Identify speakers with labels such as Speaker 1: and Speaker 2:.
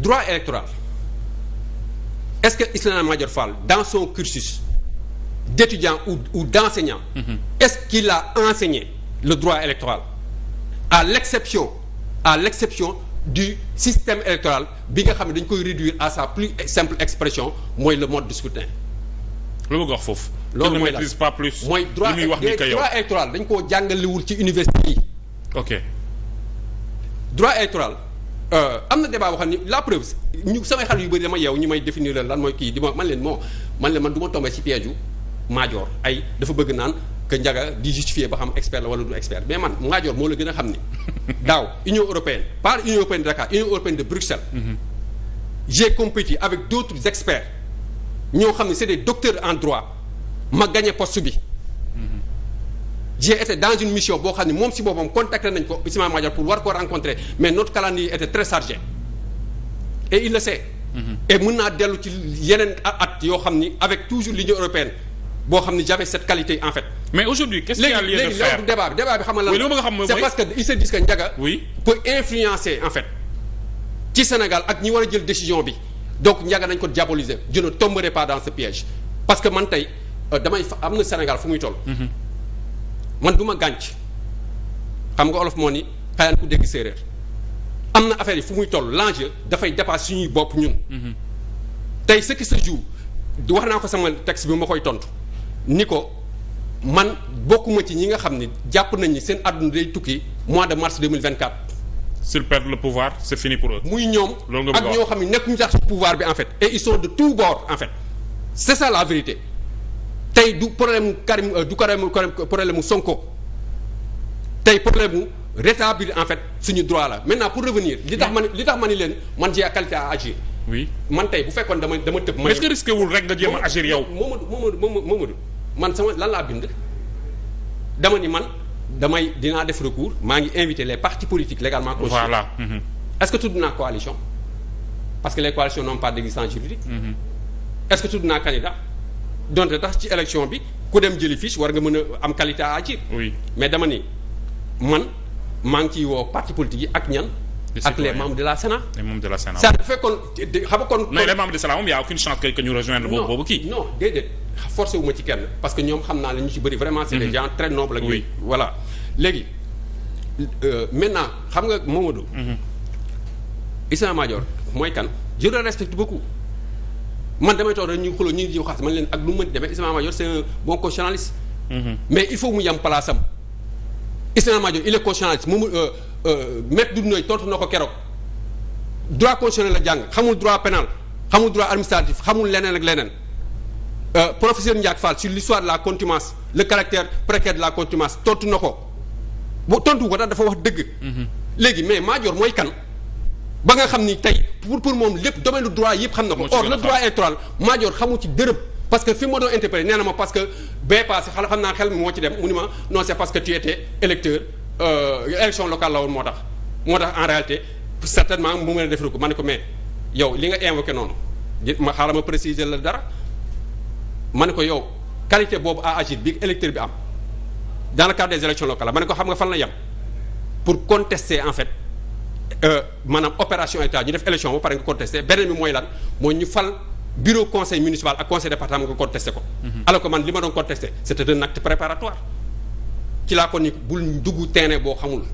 Speaker 1: droit électoral est-ce que Ismaïla Madior Fall dans son cursus d'étudiant ou ou d'enseignant mm -hmm. est-ce qu'il a enseigné le droit électoral à l'exception à l'exception du système électoral bi nga xam ne dañ koy réduire à sa plus simple expression mooy le mode de scrutin lu bëgg wax foofu loolu mooy la pas plus mooy droit électoral dañ koo jàngalewul ci université yi ok droit électoral Euh, am na de boo xam ni la preuve ñu samay xale yu bëri dama yeew ñi may définir leen lan mooy kii di ma man leen moo man leen man du ma tombé ci piège maajoor ay dafa bëgg naan que njaga di justifier ba xam expert la wala du expert mais man maajoor moo la gën a xam ni daaw Union européenne par Union européenne de Dakar Union européenne de Bruxelles mm-hmm. j'ai compéti avec d'autres experts ñoo xam ne c'est des docteurs en droit ma gagné poste bi j'ai été dans boo xam ne moom si boppam contacté nañ ko Ismaïla Madior pour war ko rencontrer mm-hmm. naa dellu ci yeneen at yoo xam ni avec toujours l'Union européenne boo xam ni j'avais cette qualité en fait. mais aujourd'hui qu'est-ce qu'il y a en fait ci Sénégal ak ñi war a jël décision bi donc Ndiaga nañ ko diaboliser je ne tomberai pas dans ce piège parce que man tey euh, damay am na Sénégal fu muy toll. Mm-hmm. man du ma gànc xam nga olof moo ni xayaan ku dégg séeréer am na affaire yi fu muy toll l'enjeu dafay dépasse suñuy bopp ñun mhm. tey ce qui se wax naa ko sama texte bi ma koy tontu ni ko man bokkuma ci ñi nga xam ni jàpp nañ ni seen àdduna day tukki mois de mars 2024 s'ils perdent le pouvoir c'est fini muy ñoom ak ñoo xam ne nekkuñu tax pouvoir bi en fait et ils sont de tous bords en fait c'est ça la vérité tey du problème mu Karim euh, du Karim problème mu Sonko tey problème mu rétablir en fait suñu droit la maintenant pour revenir li tax man ni li tax man ni leen man j'ai qualité à agir. man tey bu fekkoon dama dama tëb. mais est-ce wul rek nga jéem a agir yow. Momadou Momadou Momadou man sama lan laa bind dama ni man damay dinaa def recours maa ngi invité les partis politiques légalement constitués. voilà mhm. est-ce que tudd naa coalition parce que les coalitions n'ont pas d'existence juridique. Mhm. est-ce que tudd naa candidat. donte tax ci élection bi ku dem jëli fiche war nga mën a am qualité à agir. mais man maa ngi ciy woo parti politique yi ak ñan. ak les membres de la Sénat. les membres de la Sénat ça fait kon xam de Sénat moom y' a aucune chance que que ñu rejoindre. boobu boobu kii non non déedéet forcé ci kenn parce que ñoom xam naa la ñu ci bëri vraiment c' est des mhm. gens très nobles ak yooyu. voilà léegi euh, maintenant xam nga Momadou. Mhm. Issa Madior mooy kan je le respecte beaucoup. man damay toog rek ñu xuloo ñu ngi jiw xaalis man leen ak lu mu mën demee Ismaïla Madior c'est un bon constitutionnaliste. Mm-hmm. mais il faut mu yam place am. Ismaïla Madior il est constitutionnaliste moomu euh, euh, maître tontu na ko keroog droit constitutionnel la jàng xamul droit pénal xamul droit administratif xamul leneen ak leneen. Euh, professeur Ndiak Fall sur l'histoire la contumace le caractère précaire la contumace tontu na ko bu tontu ko dax dafa wax dëgg mm-hmm. léegi mais Madior mooy kan ba nga xam ni tey pour pour moom lépp domaine du droit yëpp xam na ko or le droit électoral maajoor xamu ci dërëm parce que fi mu ma doon interpellé nee na ma parce que bee passé xala xam naa xel moo ci dem mu ni ma non c'est parce que tu étais électeur euh, élection la woon moo tax moo tax en réalité certainement mu mën a ko ma ne ko mais yow li nga invoqué noonu ma xaaral ma préciser la dara ma ne ko yow qualité boobu à agir bi électeur bi am dans le ma ne ko xam nga fan la yem pour contester en fait Euh, maanaam opération état ñu def élection ba pare nga contesté beneen bi mooy lan mooy ñu fal bureau conseil municipal ak conseil département nga contesté ko. Mhm. alors que man li ma doon contesté c'était un acte préparatoire ci laa ko ni bul dugg terrain boo xamul.